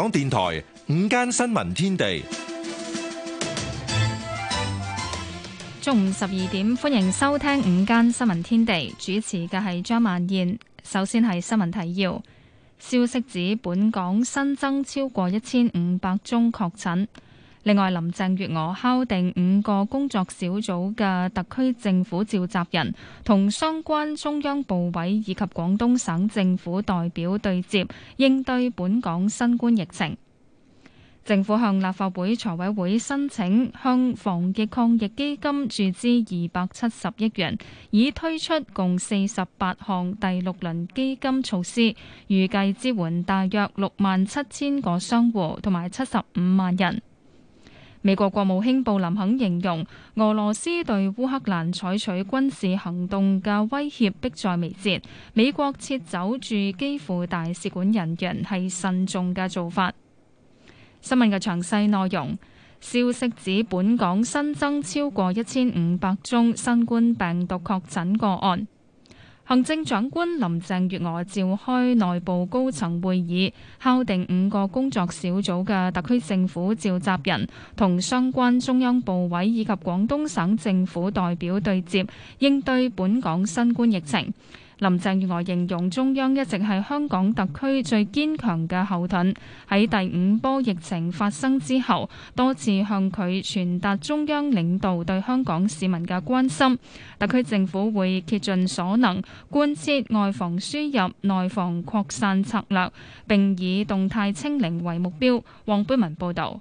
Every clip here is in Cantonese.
港電台午間新聞天地，中午十二點，歡迎收聽午間新聞天地，主持嘅係張曼燕。首先係新聞提要，消息指本港新增超過一千五百宗確診。另外，林鄭月娥敲定五個工作小組嘅特區政府召集人，同相關中央部委以及廣東省政府代表對接，應對本港新冠疫情。政府向立法會財委會申請向防疫抗疫基金注資二百七十億元，已推出共四十八項第六輪基金措施，預計支援大約六萬七千個商戶同埋七十五萬人。美國國務卿布林肯形容，俄羅斯對烏克蘭採取軍事行動嘅威脅迫在眉睫。美國撤走駐基輔大使館人員係慎重嘅做法。新聞嘅詳細內容，消息指本港新增超過一千五百宗新冠病毒確診個案。行政長官林鄭月娥召開內部高層會議，敲定五個工作小組嘅特區政府召集人，同相關中央部委以及廣東省政府代表對接，應對本港新冠疫情。林鄭月娥形容中央一直係香港特區最堅強嘅後盾，喺第五波疫情發生之後，多次向佢傳達中央領導對香港市民嘅關心。特區政府會竭盡所能貫徹外防輸入、內防擴散策略，並以動態清零為目標。黃貝文報導。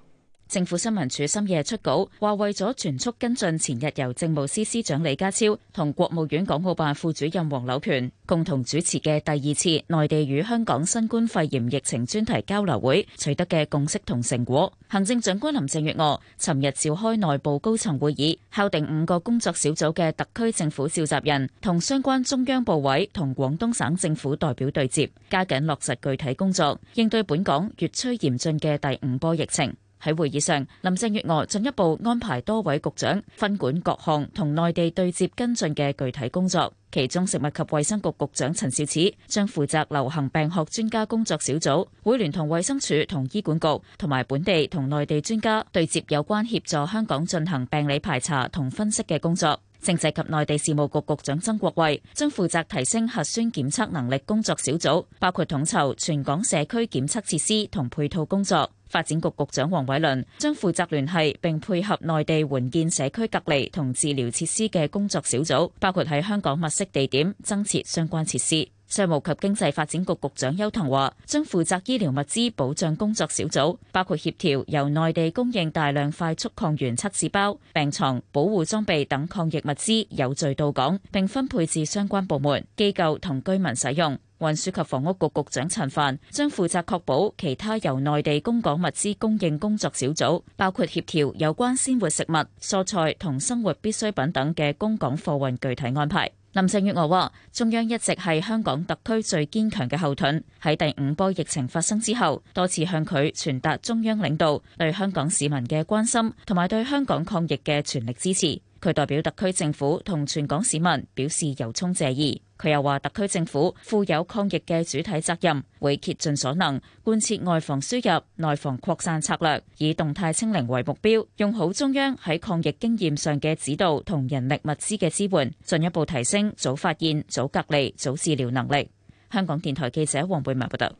政府新聞處深夜出稿，話為咗全速跟進前日由政務司司長李家超同國務院港澳辦副主任黃柳權共同主持嘅第二次內地與香港新冠肺炎疫情專題交流會取得嘅共識同成果，行政長官林鄭月娥尋日召開內部高層會議，敲定五個工作小組嘅特區政府召集人同相關中央部委同廣東省政府代表對接，加緊落實具體工作，應對本港越趨嚴峻嘅第五波疫情。喺會議上，林鄭月娥進一步安排多位局長分管各項同內地對接跟進嘅具體工作。其中，食物及衛生局局長陳肇始將負責流行病學專家工作小組，會聯同衛生署、同醫管局、同埋本地同內地專家對接有關協助香港進行病理排查同分析嘅工作。政制及內地事務局局長曾國衛將負責提升核酸檢測能力工作小組，包括統籌全港社區檢測設施同配套工作。發展局局長黃偉綸將負責聯繫並配合內地援建社區隔離同治療設施嘅工作小組，包括喺香港物色地點，增設相關設施。商務及經濟發展局局長邱騰華將負責醫療物資保障工作小組，包括協調由內地供應大量快速抗原測試包、病床、保護裝備等抗疫物資有序到港，並分配至相關部門、機構同居民使用。運輸及房屋局局長陳帆將負責確保其他由內地供港物資供應工作小組，包括協調有關鮮活食物、蔬菜同生活必需品等嘅供港貨運具體安排。林鄭月娥話：中央一直係香港特區最堅強嘅後盾。喺第五波疫情發生之後，多次向佢傳達中央領導對香港市民嘅關心，同埋對香港抗疫嘅全力支持。佢代表特區政府同全港市民表示由衷謝意。佢又話：特區政府負有抗疫嘅主體責任，會竭盡所能貫徹外防輸入、內防擴散策略，以動態清零為目標，用好中央喺抗疫經驗上嘅指導同人力物資嘅支援，進一步提升早發現、早隔離、早治療能力。香港電台記者黃貝文報道。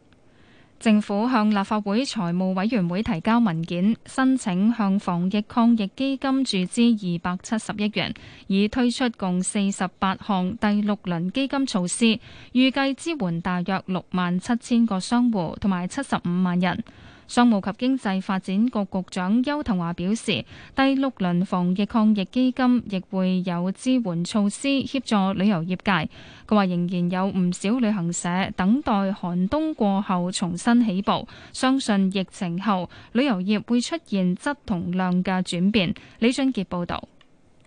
政府向立法會財務委員會提交文件，申請向防疫抗疫基金注資二百七十億元，以推出共四十八項第六輪基金措施，預計支援大約六萬七千個商戶同埋七十五萬人。商務及經濟發展局局長邱騰華表示，第六輪防疫抗疫基金亦會有支援措施協助旅遊業界。佢話仍然有唔少旅行社等待寒冬過後重新起步，相信疫情後旅遊業會出現質同量嘅轉變。李俊傑報道，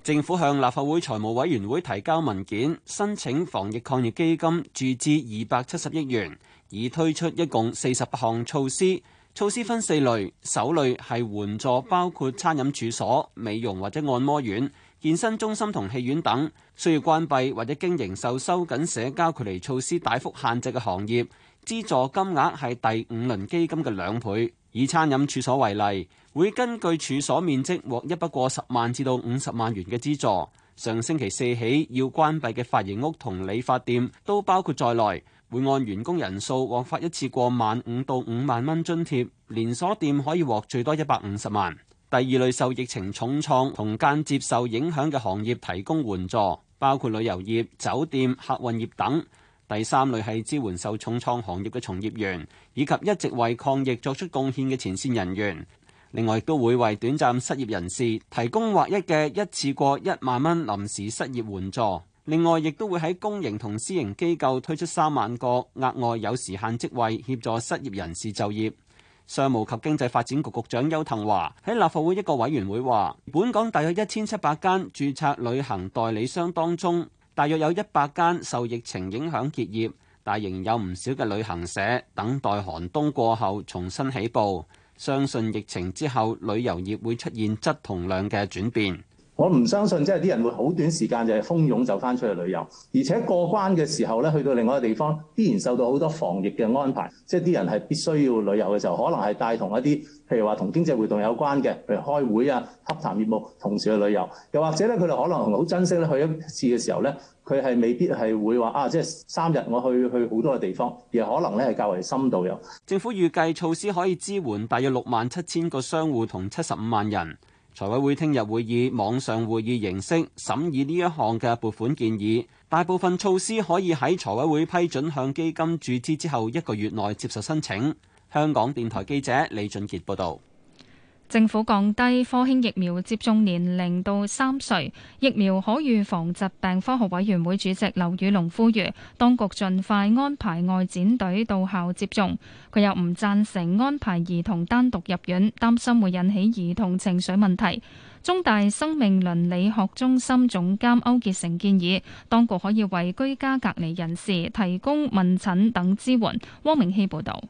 政府向立法會財務委員會提交文件，申請防疫抗疫基金注資二百七十億元，已推出一共四十八項措施。措施分四類，首類係援助，包括餐飲處所、美容或者按摩院、健身中心同戲院等需要關閉或者經營受收緊社交距離措施大幅限制嘅行業。資助金額係第五輪基金嘅兩倍。以餐飲處所為例，會根據處所面積獲一筆過十萬至到五十萬元嘅資助。上星期四起要關閉嘅髮型屋同理髮店都包括在內。會按員工人數獲發一次過萬五到五萬蚊津貼，連鎖店可以獲最多一百五十萬。第二類，受疫情重創同間接受影響嘅行業提供援助，包括旅遊業、酒店、客運業等。第三類係支援受重創行業嘅從業員以及一直為抗疫作出貢獻嘅前線人員。另外亦都會為短暫失業人士提供獲益嘅一次過一萬蚊臨時失業援助。另外，亦都會喺公營同私營機構推出三萬個額外有時限職位，協助失業人士就業。商務及經濟發展局局長邱騰華喺立法會一個委員會話，本港大約一千七百間註冊旅行代理商當中，大約有一百間受疫情影響結業，但仍有唔少嘅旅行社等待寒冬過後重新起步。相信疫情之後，旅遊業會出現質同量嘅轉變。我唔相信，即係啲人會好短時間就係蜂擁就翻出去旅遊，而且過關嘅時候咧，去到另外一個地方，必然受到好多防疫嘅安排。即係啲人係必須要旅遊嘅時候，可能係帶同一啲，譬如話同經濟活動有關嘅，譬如開會啊、洽談業務同時去旅遊，又或者咧，佢哋可能好珍惜咧，去一次嘅時候咧，佢係未必係會話啊，即係三日我去去好多嘅地方，而可能咧係較為深度遊。政府預計措施可以支援大約六萬七千個商戶同七十五萬人。財委會聽日會以網上會議形式審議呢一項嘅撥款建議，大部分措施可以喺財委會批准向基金注資之後一個月內接受申請。香港電台記者李俊傑報道。政府降低科興疫苗接種年齡到三歲，疫苗可預防疾病科學委員會主席劉宇龍呼籲，當局盡快安排外展隊到校接種。佢又唔贊成安排兒童單獨入院，擔心會引起兒童情緒問題。中大生命倫理學中心總監歐傑成建議，當局可以為居家隔離人士提供問診等支援。汪明希報導。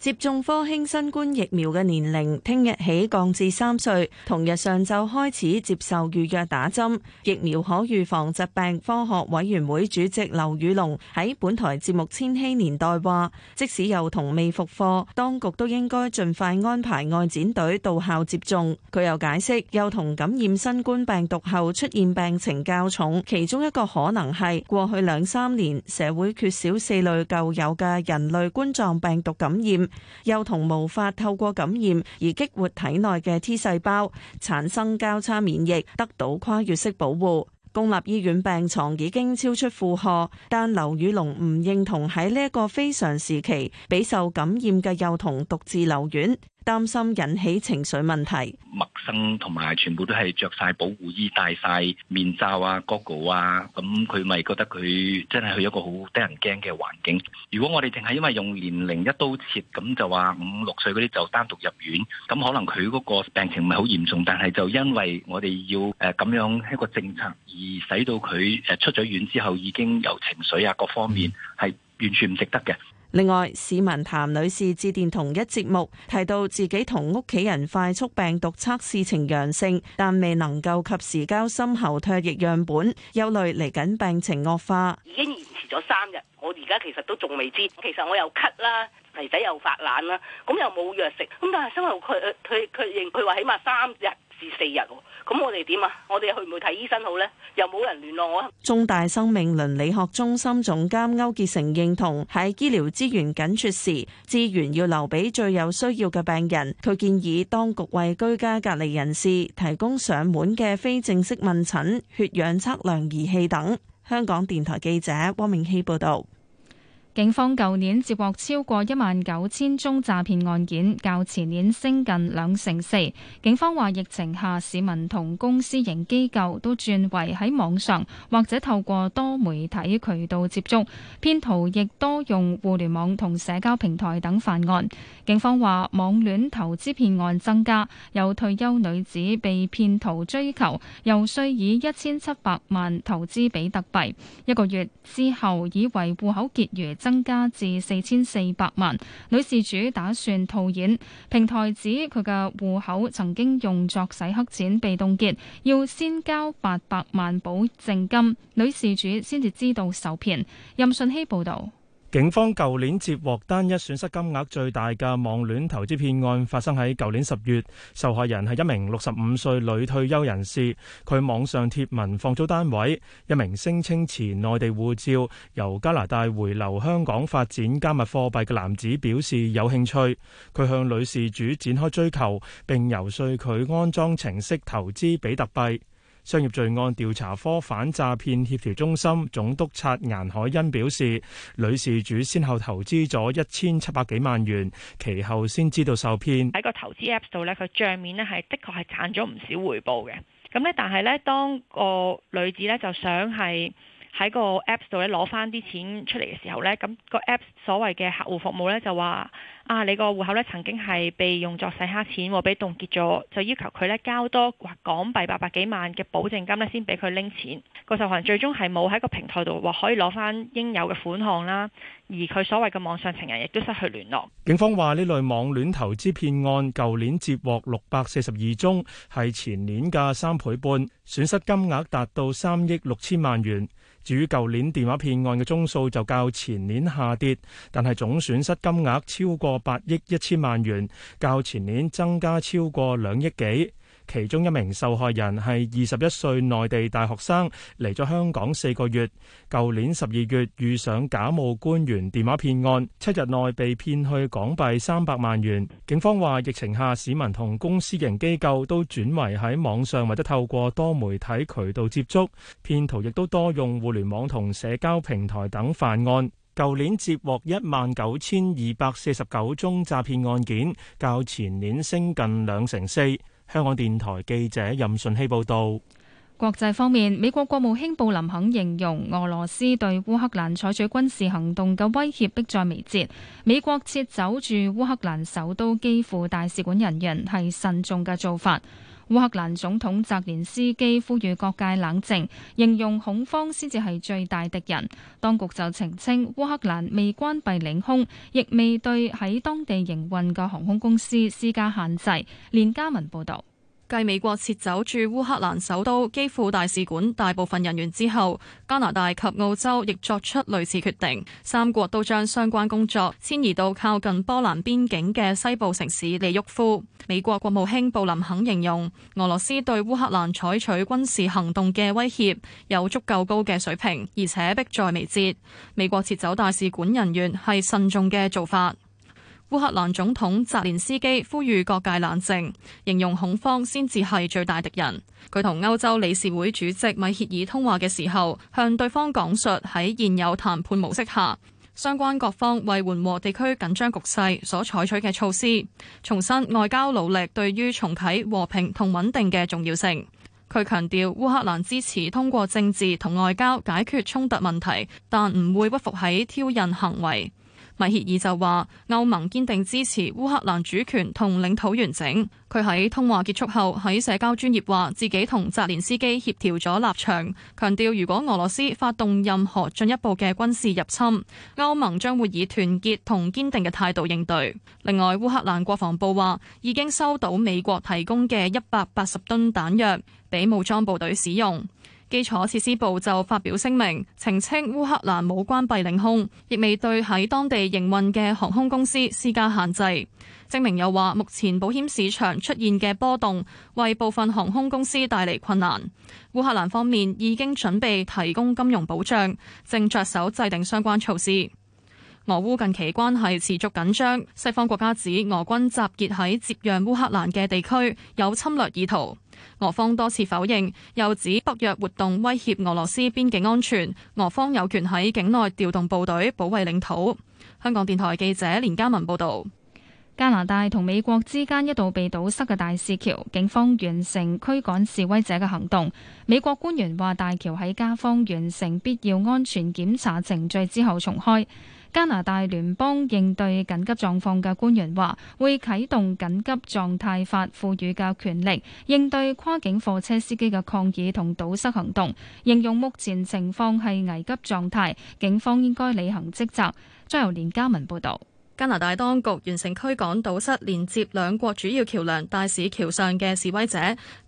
接種科興新冠疫苗嘅年齡聽日起降至三歲，同日上晝開始接受預約打針。疫苗可預防疾病科學委員會主席劉宇龍喺本台節目《千禧年代》話，即使幼童未復課，當局都應該盡快安排外展隊到校接種。佢又解釋，幼童感染新冠病毒後出現病情較重，其中一個可能係過去兩三年社會缺少四類舊有嘅人類冠狀病毒感染。幼童無法透過感染而激活體內嘅 T 細胞，產生交叉免疫，得到跨越式保護。公立醫院病床已經超出負荷，但劉宇龍唔認同喺呢一個非常時期，俾受感染嘅幼童獨自留院。擔心引起情緒問題，陌生同埋全部都係着晒保護衣、戴晒面罩啊、goggle 啊，咁佢咪覺得佢真係去一個好得人驚嘅環境。如果我哋淨係因為用年齡一刀切，咁就話五六歲嗰啲就單獨入院，咁可能佢嗰個病情唔係好嚴重，但係就因為我哋要誒咁樣一個政策，而使到佢誒出咗院之後已經有情緒啊，各方面係完全唔值得嘅。另外，市民譚女士致電同一節目，提到自己同屋企人快速病毒測試呈陽性，但未能夠及時交深喉唾液樣本，憂慮嚟緊病情惡化。已經延遲咗三日，我而家其實都仲未知。其實我又咳啦，肥仔又發冷啦，咁又冇藥食，咁但係身為佢佢佢認佢話起碼三日。至四日，咁我哋點啊？我哋去唔去睇醫生好呢？又冇人聯絡我。中大生命倫理學中心總監歐傑成認同，喺醫療資源緊缺時，資源要留俾最有需要嘅病人。佢建議當局為居家隔離人士提供上門嘅非正式問診、血氧測量儀器等。香港電台記者汪明熙報導。警方舊年接獲超過一萬九千宗詐騙案件，較前年升近兩成四。警方話疫情下市民同公司型機構都轉為喺網上或者透過多媒體渠道接觸，騙徒亦多用互聯網同社交平台等犯案。警方話網戀投資騙案增加，有退休女子被騙徒追求，又需以一千七百萬投資比特幣，一個月之後以為戶口結餘，增加至四千四百萬，女事主打算套現，平台指佢嘅戶口曾經用作洗黑錢被凍結，要先交八百萬保證金，女事主先至知道受騙。任順希報道。警方舊年接獲單一損失金額最大嘅網戀投資騙案，發生喺舊年十月。受害人係一名六十五歲女退休人士，佢網上貼文放租單位。一名聲稱持內地護照由加拿大回流香港發展加密貨幣嘅男子表示有興趣，佢向女事主展開追求，並遊說佢安裝程式投資比特幣。商業罪案調查科反詐騙協調中心總督察顏海欣表示，女事主先後投資咗一千七百幾萬元，其後先知道受騙。喺個投資 Apps 度呢，佢帳面呢係的確係賺咗唔少回報嘅。咁呢，但係呢，當個女子呢就想係喺個 Apps 度咧攞返啲錢出嚟嘅時候呢，咁、那個 Apps 所謂嘅客戶服務呢就話。啊！你個戶口咧曾經係被用作洗黑錢，被凍結咗，就要求佢咧交多港幣八百幾萬嘅保證金咧，先俾佢拎錢。個受害人最終係冇喺個平台度話可以攞翻應有嘅款項啦，而佢所謂嘅網上情人亦都失去聯絡。警方話呢類網戀投資騙案舊年接獲六百四十二宗，係前年嘅三倍半，損失金額達到三億六千萬元。至於舊年電話騙案嘅宗數就較前年下跌，但係總損失金額超過八億一千萬元，較前年增加超過兩億幾。其中一名受害人係二十一歲內地大學生，嚟咗香港四個月。舊年十二月遇上假冒官員電話騙案，七日內被騙去港幣三百萬元。警方話疫情下市民同公私營機構都轉為喺網上或者透過多媒體渠道接觸騙徒，亦都多用互聯網同社交平台等犯案。舊年接獲一萬九千二百四十九宗詐騙案件，較前年升近兩成四。香港電台記者任順希報道。國際方面，美國國務卿布林肯形容俄羅斯對烏克蘭採取軍事行動嘅威脅迫在眉睫。美國撤走駐烏克蘭首都基輔大使館人員係慎重嘅做法。烏克蘭總統澤連斯基呼籲各界冷靜，形容恐慌先至係最大敵人。當局就澄清，烏克蘭未關閉領空，亦未對喺當地營運嘅航空公司施加限制。連家文報道。繼美國撤走駐烏克蘭首都基輔大使館大部分人員之後，加拿大及澳洲亦作出類似決定。三國都將相關工作遷移到靠近波蘭邊境嘅西部城市利沃夫。美國國務卿布林肯形容，俄羅斯對烏克蘭採取軍事行動嘅威脅有足夠高嘅水平，而且迫在眉睫。美國撤走大使館人員係慎重嘅做法。烏克蘭總統澤連斯基呼籲各界冷靜，形容恐慌先至係最大敵人。佢同歐洲理事會主席米歇爾通話嘅時候，向對方講述喺現有談判模式下，相關各方為緩和地區緊張局勢所採取嘅措施，重申外交努力對於重啟和平同穩定嘅重要性。佢強調烏克蘭支持通過政治同外交解決衝突問題，但唔會屈服喺挑釁行為。米歇爾就話：歐盟堅定支持烏克蘭主權同領土完整。佢喺通話結束後喺社交專頁話，自己同澤連斯基協調咗立場，強調如果俄羅斯發動任何進一步嘅軍事入侵，歐盟將會以團結同堅定嘅態度應對。另外，烏克蘭國防部話已經收到美國提供嘅一百八十噸彈藥，俾武裝部隊使用。基礎設施部就發表聲明澄清，烏克蘭冇關閉領空，亦未對喺當地營運嘅航空公司施加限制。聲明又話，目前保險市場出現嘅波動為部分航空公司帶嚟困難。烏克蘭方面已經準備提供金融保障，正着手制定相關措施。俄烏近期關係持續緊張，西方國家指俄軍集結喺接壤烏克蘭嘅地區有侵略意圖。俄方多次否認，又指北約活動威脅俄羅斯邊境安全，俄方有權喺境內調動部隊保衛領土。香港電台記者連嘉文報道：加拿大同美國之間一度被堵塞嘅大使橋，警方完成驅趕示威者嘅行動。美國官員話，大橋喺加方完成必要安全檢查程序之後重開。加拿大聯邦應對緊急狀況嘅官員話：會啟動緊急狀態法賦予嘅權力，應對跨境貨車司機嘅抗議同堵塞行動。形容目前情況係危急狀態，警方應該履行職責。再由連家文報導。加拿大當局完成驅趕堵塞連接兩國主要橋梁大使橋上嘅示威者，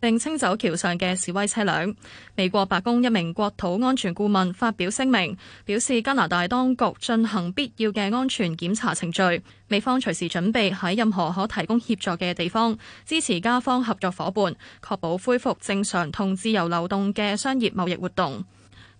並清走橋上嘅示威車輛。美國白宮一名國土安全顧問發表聲明，表示加拿大當局進行必要嘅安全檢查程序，美方隨時準備喺任何可提供協助嘅地方支持加方合作伙伴，確保恢復正常同自由流動嘅商業貿易活動。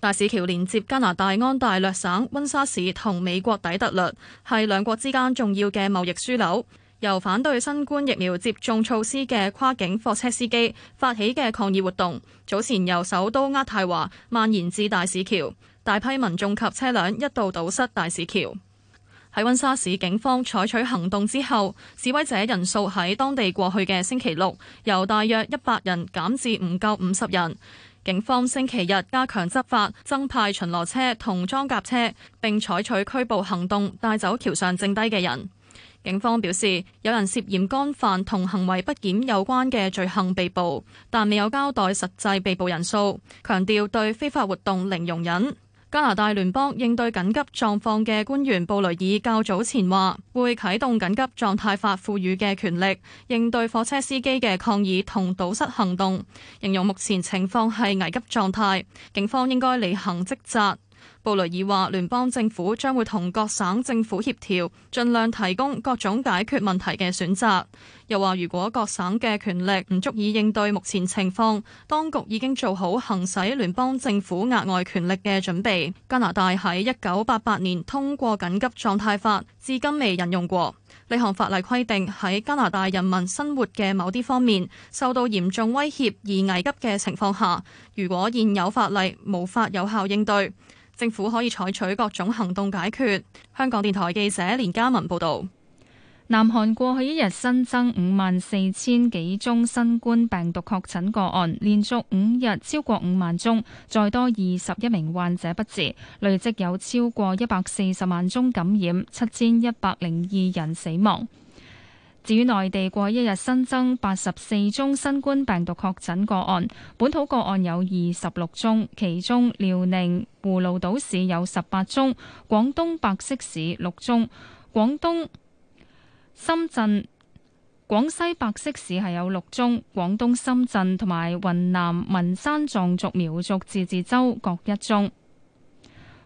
大使橋連接加拿大安大略省溫莎市同美國底特律，係兩國之間重要嘅貿易樞紐。由反對新冠疫苗接種措施嘅跨境貨車司機發起嘅抗議活動，早前由首都渥太華蔓延至大使橋，大批民眾及車輛一度堵塞大使橋。喺溫莎市警方採取行動之後，示威者人數喺當地過去嘅星期六由大約一百人減至唔夠五十人。警方星期日加強執法，增派巡邏車同裝甲車，並採取拘捕行動，帶走橋上剩低嘅人。警方表示，有人涉嫌干犯同行為不檢有關嘅罪行被捕，但未有交代實際被捕人數，強調對非法活動零容忍。加拿大聯邦應對緊急狀況嘅官員布雷爾較早前話會啟動緊急狀態法賦予嘅權力，應對貨車司機嘅抗議同堵塞行動，形容目前情況係危急狀態，警方應該履行職責。布雷爾話，聯邦政府將會同各省政府協調，盡量提供各種解決問題嘅選擇。又話，如果各省嘅權力唔足以應對目前情況，當局已經做好行使聯邦政府額外權力嘅準備。加拿大喺一九八八年通過緊急狀態法，至今未引用過。呢項法例規定喺加拿大人民生活嘅某啲方面受到嚴重威脅而危急嘅情況下，如果現有法例無法有效應對。政府可以採取各種行動解決。香港電台記者連嘉文報導，南韓過去一日新增五萬四千幾宗新冠病毒確診個案，連續五日超過五萬宗，再多二十一名患者不治，累積有超過一百四十萬宗感染，七千一百零二人死亡。至於內地過一日新增八十四宗新冠病毒確診個案，本土個案有二十六宗，其中遼寧葫蘆島市有十八宗，廣東白色市六宗，廣東深圳、廣西白色市係有六宗，廣東深圳同埋雲南文山壯族苗族自治州各一宗。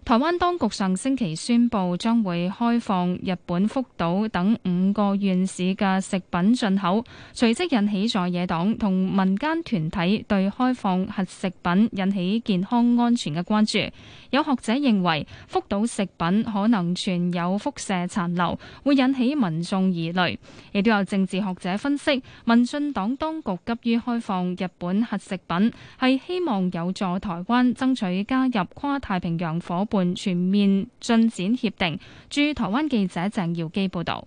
台灣當局上星期宣布，將會開放日本福島等五個縣市嘅食品進口，隨即引起在野黨同民間團體對開放核食品引起健康安全嘅關注。有學者認為福島食品可能存有輻射殘留，會引起民眾疑慮，亦都有政治學者分析，民進黨當局急於開放日本核食品，係希望有助台灣爭取加入跨太平洋夥伴全面進展協定。駐台灣記者鄭耀基報道。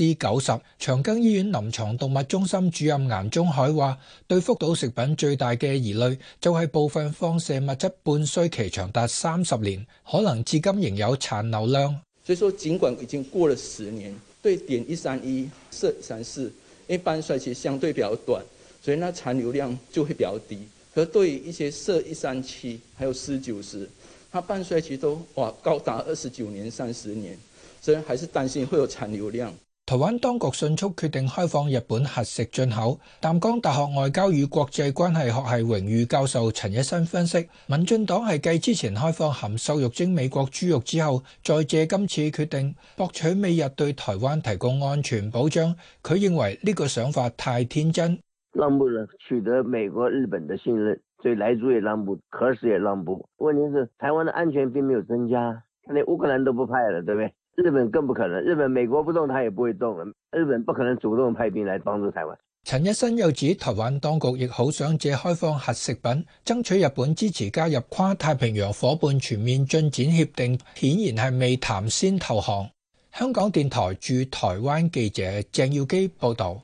之九十，90，長庚醫院臨牀動物中心主任顏中海話：對福島食品最大嘅疑慮就係部分放射物質半衰期長達三十年，可能至今仍有殘留量。所以說，盡管已經過了十年，對碘一三一、銫三四，因為半衰期相對比較短，所以呢殘留量就會比較低。可對於一些銫一三七、還有鍶九十，它半衰期都哇高達二十九年、三十年，所以還是擔心會有殘留量。台灣當局迅速決定開放日本核食進口。淡江大學外交與國際關係學系榮譽教授陳一新分析，民進黨係繼之前開放含瘦肉精美國豬肉之後，再借今次決定博取美日對台灣提供安全保障。佢認為呢個想法太天真，讓步了取得美國、日本的信任，萊豬也讓步，核四也讓步。問題是台灣的安全並沒有增加，睇烏克蘭都不派了，對不對？日本更不可能，日本美國不動，他也不會動。日本不可能主動派兵來幫助台灣。陳一新又指，台灣當局亦好想借開放核食品，爭取日本支持加入跨太平洋夥伴全面進展協定，顯然係未談先投降。香港電台駐台灣記者鄭耀基報道。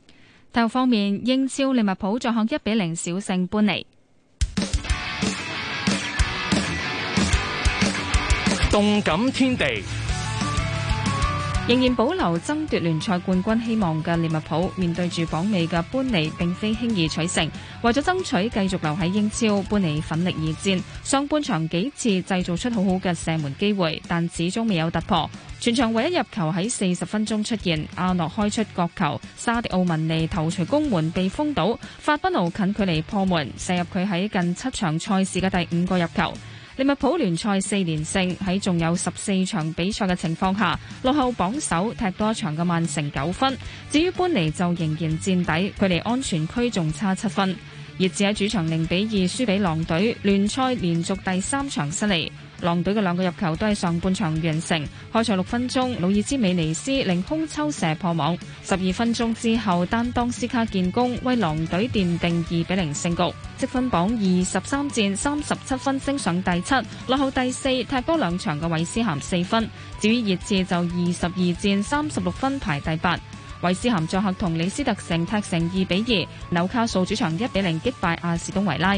體育方面，英超利物浦作客一比零小勝般尼。動感天地。仍然保留爭奪聯賽冠軍希望嘅利物浦面對住榜尾嘅班尼並非輕易取勝，為咗爭取繼續留喺英超，班尼奮力而戰，上半場幾次製造出好好嘅射門機會，但始終未有突破。全場唯一入球喺四十分鐘出現，阿諾開出角球，沙迪奧文尼頭槌攻門被封堵，法賓奴近距離破門，射入佢喺近七場賽事嘅第五個入球。利物浦聯賽四連勝，喺仲有十四場比賽嘅情況下，落後榜首踢多一場嘅曼城九分。至於班尼就仍然墊底，距離安全區仲差七分。熱刺喺主場零比二輸俾狼隊，聯賽連續第三場失利。狼隊嘅兩個入球都係上半場完成，開場六分鐘，魯爾茲美尼斯凌空抽射破網；十二分鐘之後，丹當斯卡建功，為狼隊奠定二比零勝局。積分榜二十三戰三十七分，升上第七，落後第四、泰波兩場嘅韋斯咸四分。至於熱刺就二十二戰三十六分，排第八。韋斯咸作客同李斯特城踢成二比二，紐卡素主場一比零擊敗阿士東維拉。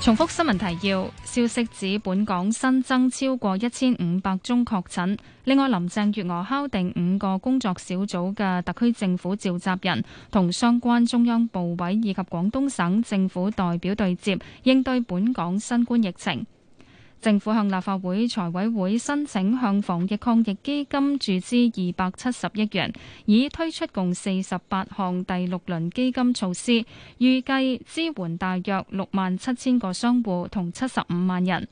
重複新聞提要：消息指本港新增超過一千五百宗確診。另外，林鄭月娥敲定五個工作小組嘅特區政府召集人同相關中央部委以及廣東省政府代表對接，應對本港新冠疫情。政府向立法會財委會申請向防疫抗疫基金注資二百七十億元，已推出共四十八項第六輪基金措施，預計支援大約六萬七千個商戶同七十五萬人。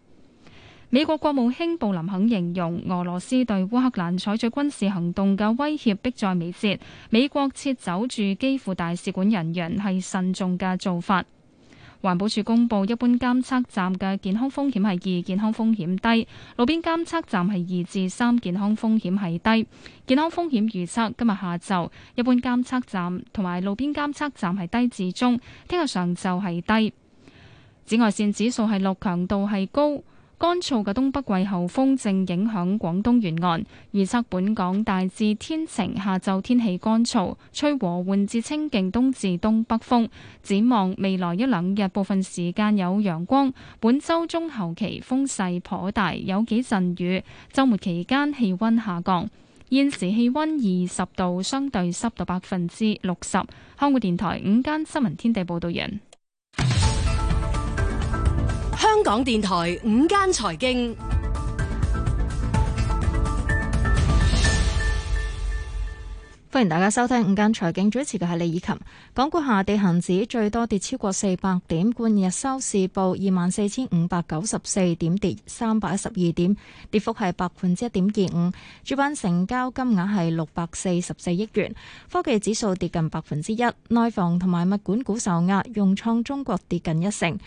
美國國務卿布林肯形容俄羅斯對烏克蘭採取軍事行動嘅威脅迫在眉睫，美國撤走駐基輔大使館人員係慎重嘅做法。環保署公布，一般監測站嘅健康風險係二，健康風險低；路邊監測站係二至三，健康風險係低。健康風險預測今日下晝，一般監測站同埋路邊監測站係低至中，聽日上晝係低。紫外綫指數係六，強度係高。乾燥嘅東北季候風正影響廣東沿岸，預測本港大致天晴，下晝天氣乾燥，吹和緩至清勁東至東北風。展望未來一兩日，部分時間有陽光。本週中後期風勢頗大，有幾陣雨。週末期間氣温下降。現時氣温二十度，相對濕度百分之六十。香港電台午間新聞天地報道完。香港電台午間財經，歡迎大家收聽午間財經主持嘅係李以琴。港股下跌，恒指最多跌超過四百點，半日收市報二萬四千五百九十四點跌，跌三百一十二點，跌幅係百分之一點二五。主板成交金額係六百四十四億元，科技指數跌近百分之一，內房同埋物管股受壓，融創中國跌近一成。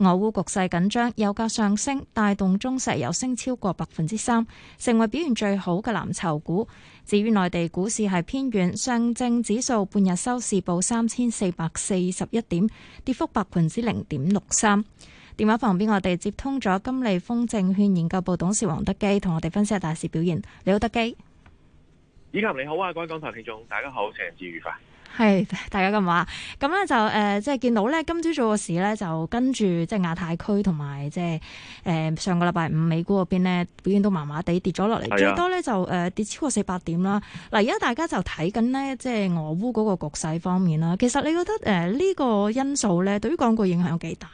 俄烏局勢緊張，油價上升，帶動中石油升超過百分之三，成為表現最好嘅藍籌股。至於內地股市係偏軟，上證指數半日收市報三千四百四十一點，跌幅百分之零點六三。電話旁邊我哋接通咗金利豐證券研究部董事王德基，同我哋分析下大市表現。你好，德基。以及你好啊，各位港台聽眾，大家好，情人節愉快。係大家咁話，咁咧就誒、呃，即係見到咧，今朝早個市咧就跟住即係亞太區同埋即係誒上個禮拜五美股嗰邊咧表現都麻麻地跌咗落嚟，的最多咧就誒、呃、跌超過四百點啦。嗱，而家大家就睇緊咧，即係俄烏嗰個局勢方面啦。其實你覺得誒呢、呃呢個因素咧，對於港股影響有幾大？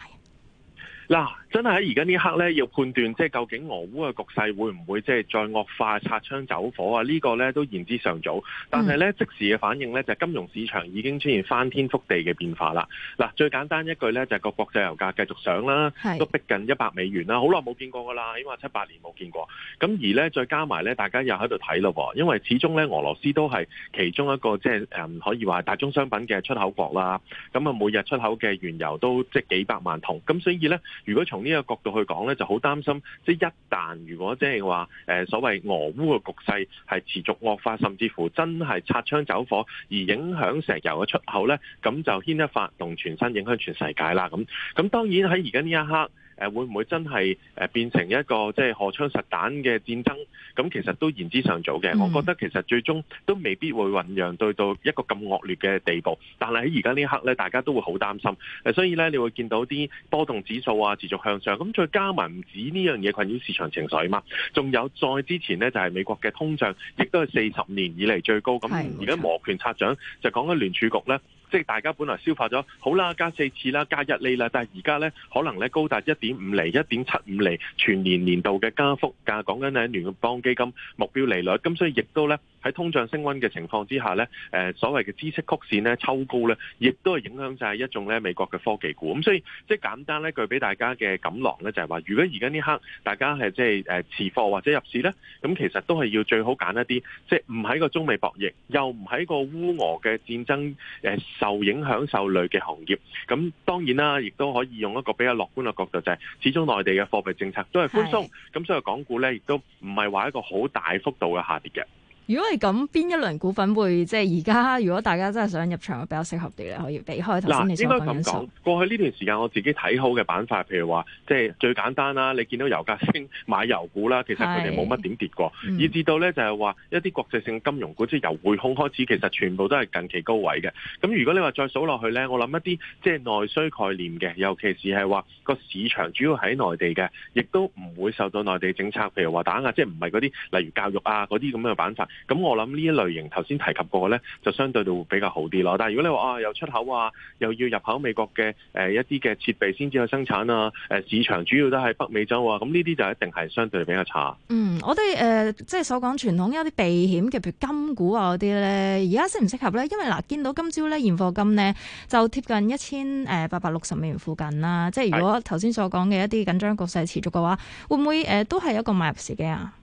嗱，真係喺而家呢刻咧，要判斷即係究竟俄烏嘅局勢會唔會即係再惡化、擦槍走火啊？這個、呢個咧都言之尚早，但係咧即時嘅反應咧就係、是、金融市場已經出現翻天覆地嘅變化啦。嗱，最簡單一句咧就係、是、個國際油價繼續上啦，都逼近一百美元啦，好耐冇見過㗎啦，起碼七八年冇見過。咁而咧再加埋咧，大家又喺度睇咯，因為始終咧俄羅斯都係其中一個即係誒、嗯、可以話係大宗商品嘅出口國啦。咁啊，每日出口嘅原油都即係幾百萬桶，咁所以咧。如果從呢個角度去講呢就好擔心，即係一旦如果即係話誒所謂俄烏嘅局勢係持續惡化，甚至乎真係擦槍走火而影響石油嘅出口呢咁就牽一發動全身，影響全世界啦。咁咁當然喺而家呢一刻。誒會唔會真係誒變成一個即係荷槍實彈嘅戰爭？咁其實都言之尚早嘅。Mm. 我覺得其實最終都未必會醖釀到到一個咁惡劣嘅地步。但係喺而家呢一刻咧，大家都會好擔心。誒，所以咧，你會見到啲波動指數啊持續向上。咁再加埋唔止呢樣嘢困擾市場情緒嘛。仲有再之前呢，就係美國嘅通脹，亦都係四十年以嚟最高。咁而家磨拳擦掌就講緊聯儲局咧。即係大家本來消化咗，好啦，加四次啦，加一厘啦，但係而家呢，可能呢，高達一點五厘、一點七五厘，全年年度嘅加幅價，講緊係聯邦基金目標利率，咁所以亦都呢。喺通脹升溫嘅情況之下呢，誒所謂嘅知識曲線呢，抽高呢，亦都係影響晒一眾呢美國嘅科技股。咁所以即係簡單呢，具俾大家嘅錦囊呢，就係、是、話，如果而家呢刻大家係即係誒、呃、持貨或者入市呢，咁其實都係要最好揀一啲即係唔喺個中美博弈，又唔喺個烏俄嘅戰爭誒、呃、受影響受累嘅行業。咁當然啦，亦都可以用一個比較樂觀嘅角度，就係、是、始終內地嘅貨幣政策都係寬鬆，咁的所以港股呢，亦都唔係話一個好大幅度嘅下跌嘅。如果係咁，邊一輪股份會即係而家？如果大家真係想入場，比較適合啲咧，可以避開頭先你所講嘅因素。嗱，應該咁講。說過去呢段時間，我自己睇好嘅板塊，譬如話，即係最簡單啦。你見到油價升，買油股啦，其實佢哋冇乜點跌過。嗯、以至到咧，就係話一啲國際性金融股，即係由匯控開始，其實全部都係近期高位嘅。咁如果你話再數落去咧，我諗一啲即係內需概念嘅，尤其是係話個市場主要喺內地嘅，亦都唔會受到內地政策，譬如話打壓，即係唔係嗰啲例如教育啊嗰啲咁樣嘅板塊。咁我諗呢一類型，頭先提及過咧，就相對到會比較好啲咯。但係如果你話啊，又出口啊，又要入口美國嘅，誒、呃、一啲嘅設備先至去生產啊，誒、呃、市場主要都係北美洲啊，咁呢啲就一定係相對比較差。嗯，我哋誒、呃、即係所講傳統一啲避險嘅譬如金股啊嗰啲咧，而家適唔適合咧？因為嗱、呃，見到今朝咧現貨金咧就貼近一千誒八百六十美元附近啦。即係如果頭先所講嘅一啲緊張局勢持續嘅話，會唔會誒、呃、都係一個買入時機啊？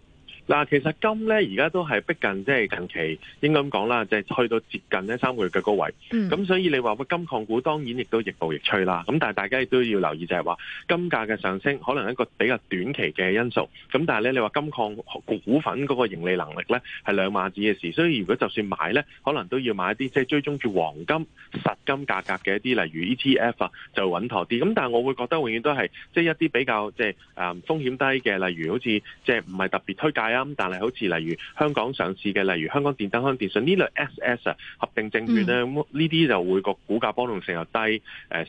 嗱，但其實金咧而家都係逼近，即係近期應該咁講啦，即係去到接近呢三個月嘅高位。咁、mm. 所以你話個金礦股當然亦都亦步亦趨啦。咁但係大家亦都要留意，就係話金價嘅上升可能一個比較短期嘅因素。咁但係咧，你話金礦股份嗰個盈利能力咧係兩碼子嘅事。所以如果就算買咧，可能都要買一啲即係追蹤住黃金實金價格嘅一啲，例如 ETF 啊，就穩妥啲。咁但係我會覺得永遠都係即係一啲比較即係誒風險低嘅，例如好似即係唔係特別推介啊。咁，但係好似例如香港上市嘅，例如香港電燈、香港電信呢類 S.S. 合定證券呢，咁呢啲就會個股價波動性又低，誒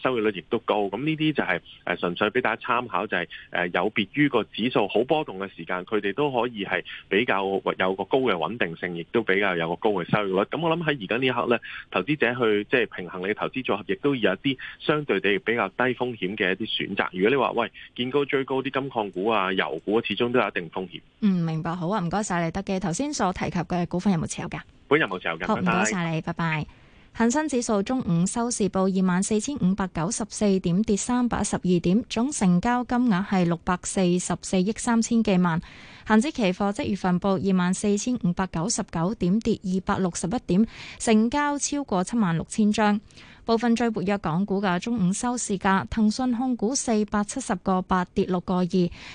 收益率亦都高。咁呢啲就係誒純粹俾大家參考，就係誒有別於個指數好波動嘅時間，佢哋都可以係比較有個高嘅穩定性，亦都比較有個高嘅收益率。咁我諗喺而家呢一刻呢，投資者去即係平衡你嘅投資組合，亦都有一啲相對地比較低風險嘅一啲選擇。如果你話喂見高追高啲金礦股啊、油股啊，始終都有一定風險。嗯，明白。好啊，唔該晒你得嘅。頭先所提及嘅股份有冇持有嘅？本人冇持有嘅。好，唔該晒你，拜拜 bye。恒生指數中午收市報二萬四千五百九十四點，跌三百一十二點，總成交金額係六百四十四億三千幾萬。恒指期貨即月份報二萬四千五百九十九點，跌二百六十一點，成交超過七萬六千張。部分最活躍港股嘅中午收市價，騰訊控股四百七十個八跌六個二，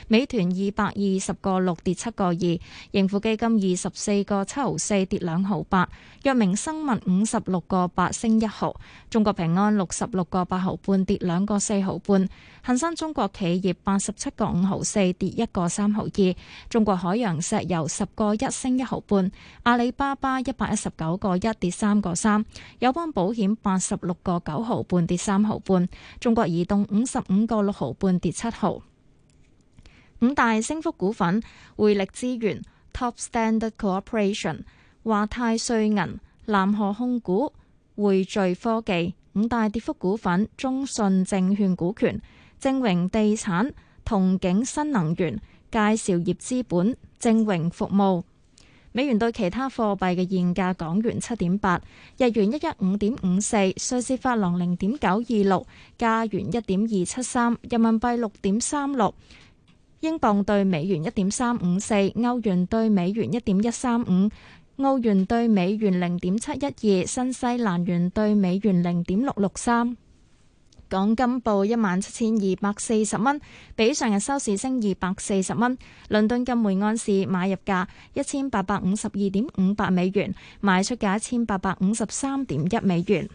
美團二百二十個六跌七個二，盈富基金二十四個七毫四跌兩毫八，藥明生物五十六個八升一毫，中國平安六十六個八毫半跌兩個四毫半。恒生中國企業八十七個五毫四跌一個三毫二，中國海洋石油十個一升一毫半，阿里巴巴一百一十九個一跌三個三，友邦保險八十六個九毫半跌三毫半，中國移動五十五個六毫半跌七毫。五大升幅股份：匯力資源、Top Standard Cooperation、華泰瑞銀、南河控股、匯聚科技。五大跌幅股份：中信證券股權。正榮地產、同景新能源、佳兆業資本、正榮服務。美元對其他貨幣嘅現價：港元七點八，日元一一五點五四，瑞士法郎零點九二六，加元一點二七三，人民幣六點三六，英鎊對美元一點三五四，歐元對美元一點一三五，澳元對美元零點七一二，新西蘭元對美元零點六六三。港金報一萬七千二百四十蚊，比上日收市升二百四十蚊。倫敦金每盎司買入價一千八百五十二點五八美元，賣出價一千八百五十三點一美元。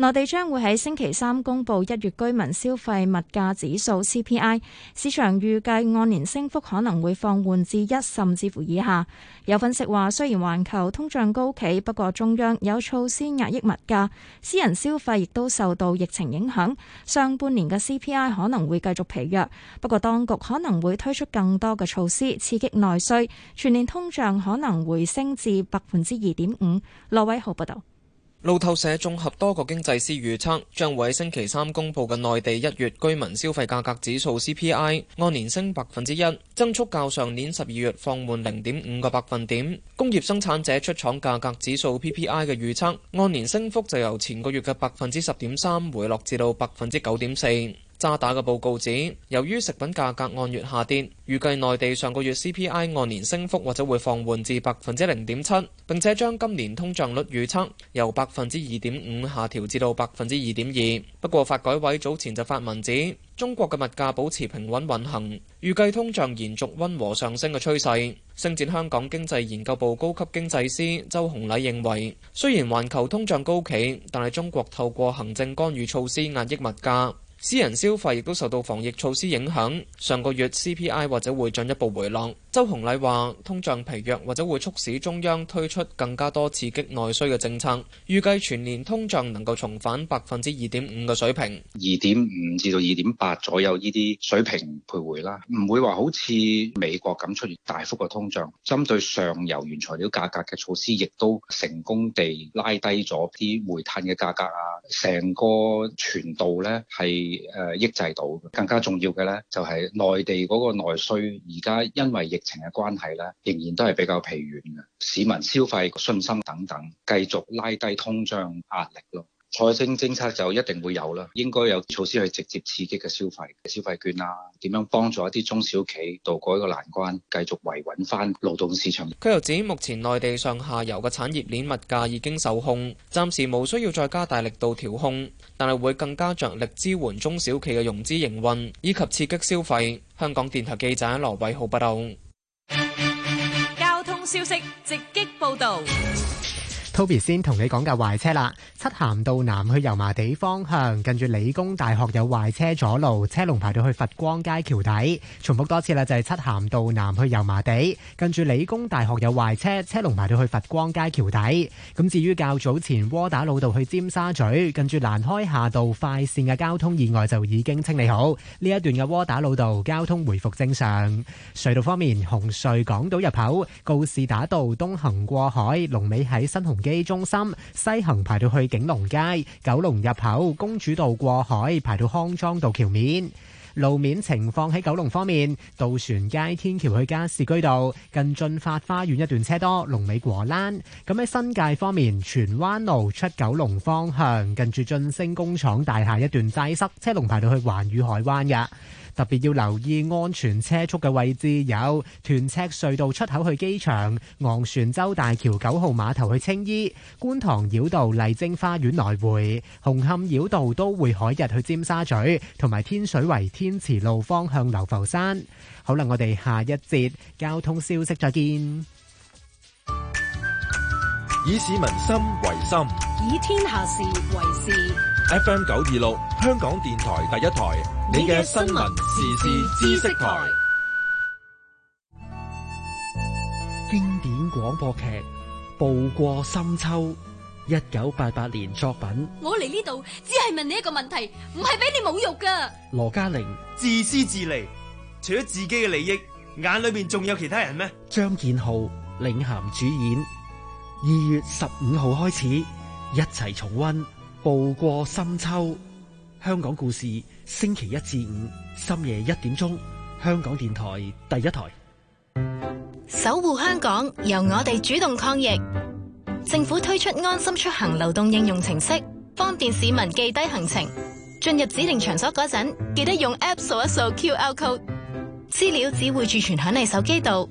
內地將會喺星期三公布一月居民消費物價指數 CPI，市場預計按年升幅可能會放緩至一甚至乎以下。有分析話，雖然環球通脹高企，不過中央有措施壓抑物價，私人消費亦都受到疫情影響，上半年嘅 CPI 可能會繼續疲弱。不過，當局可能會推出更多嘅措施刺激內需，全年通脹可能回升至百分之二點五。羅偉豪報道。路透社綜合多個經濟師預測，將會喺星期三公佈嘅內地一月居民消費價格指數 CPI 按年升百分之一，增速較上年十二月放緩零點五個百分點。工業生產者出廠價格指數 PPI 嘅預測，按年升幅就由前個月嘅百分之十點三回落至到百分之九點四。渣打嘅報告指，由於食品價格按月下跌，預計內地上個月 CPI 按年升幅或者會放緩至百分之零點七。並且將今年通脹率預測由百分之二點五下調至到百分之二點二。不過，發改委早前就發文指，中國嘅物價保持平穩運行，預計通脹延續溫和上升嘅趨勢。星展香港經濟研究部高級經濟師周洪禮認為，雖然環球通脹高企，但係中國透過行政干預措施壓抑物價。私人消費亦都受到防疫措施影響，上個月 CPI 或者會進一步回落。周洪禮話：通脹疲弱或者會促使中央推出更加多刺激內需嘅政策，預計全年通脹能夠重返百分之二點五嘅水平，二點五至到二點八左右呢啲水平徘徊啦，唔會話好似美國咁出現大幅嘅通脹。針對上游原材料價格嘅措施亦都成功地拉低咗啲煤炭嘅價格啊，成個傳導呢係。誒、嗯、抑制到，更加重要嘅咧，就係、是、內地嗰個內需，而家因為疫情嘅關係咧，仍然都係比較疲軟嘅，市民消費信心等等，繼續拉低通脹壓力咯。財政政策就一定會有啦，應該有措施去直接刺激嘅消費消費券啊，點樣幫助一啲中小企渡過一個難關，繼續維穩翻勞動市場。佢又指目前內地上下游嘅產業鏈物價已經受控，暫時無需要再加大力度調控，但係會更加着力支援中小企嘅融資營運以及刺激消費。香港電台記者羅偉浩報道。交通消息直擊報道。Toby 先同你講架壞車啦，漆咸道南去油麻地方向，近住理工大學有壞車阻路，車龍排到去佛光街橋底。重複多次啦，就係、是、漆咸道南去油麻地，近住理工大學有壞車，車龍排到去佛光街橋底。咁至於較早前窩打老道去尖沙咀，近住蘭開夏道快線嘅交通意外就已經清理好，呢一段嘅窩打老道交通回復正常。隧道方面，紅隧港島入口、告士打道東行過海，龍尾喺新鴻機中心西行排到去景隆街，九龍入口公主道過海排到康莊道橋面。路面情況喺九龍方面，渡船街天橋去加士居道近駿發花園一段車多，龍尾果欄。咁喺新界方面，荃灣路出九龍方向近住晉升工廠大廈一段擠塞，車龍排到去環宇海灣嘅。特別要留意安全車速嘅位置有屯赤隧道出口去機場、昂船洲大橋九號碼頭去青衣、觀塘繞道麗晶花園來回、紅磡繞道都會海日去尖沙咀，同埋天水圍天慈路方向流浮山。好啦，我哋下一節交通消息再見。以市民心為心，以天下事為事。F M 九二六，26, 香港電台第一台，你嘅新聞時事知識台，經典廣播劇《步過深秋》，一九八八年作品。我嚟呢度只係問你一個問題，唔係俾你侮辱㗎。羅嘉玲自私自利，除咗自己嘅利益，眼裏邊仲有其他人咩？張建浩領銜主演，二月十五號開始，一齊重温。步過深秋，香港故事，星期一至五深夜一點鐘，香港電台第一台。守護香港，由我哋主動抗疫。政府推出安心出行流動應用程式，方便市民記低行程。進入指定場所嗰陣，記得用 App 掃一掃 QR code，資料只會儲存喺你手機度。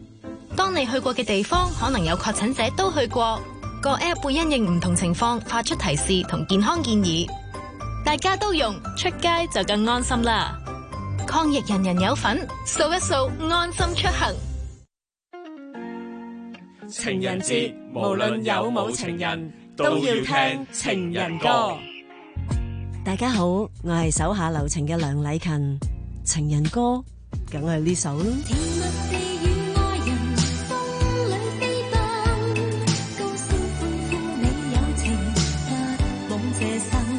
當你去過嘅地方，可能有確診者都去過。個 app 會因應唔同情況發出提示同健康建議，大家都用，出街就更安心啦。抗疫人人有份，掃一掃安心出行。情人節無論有冇情人，都要聽情人歌。大家好，我係手下留情嘅梁禮勤，情人歌梗係呢首。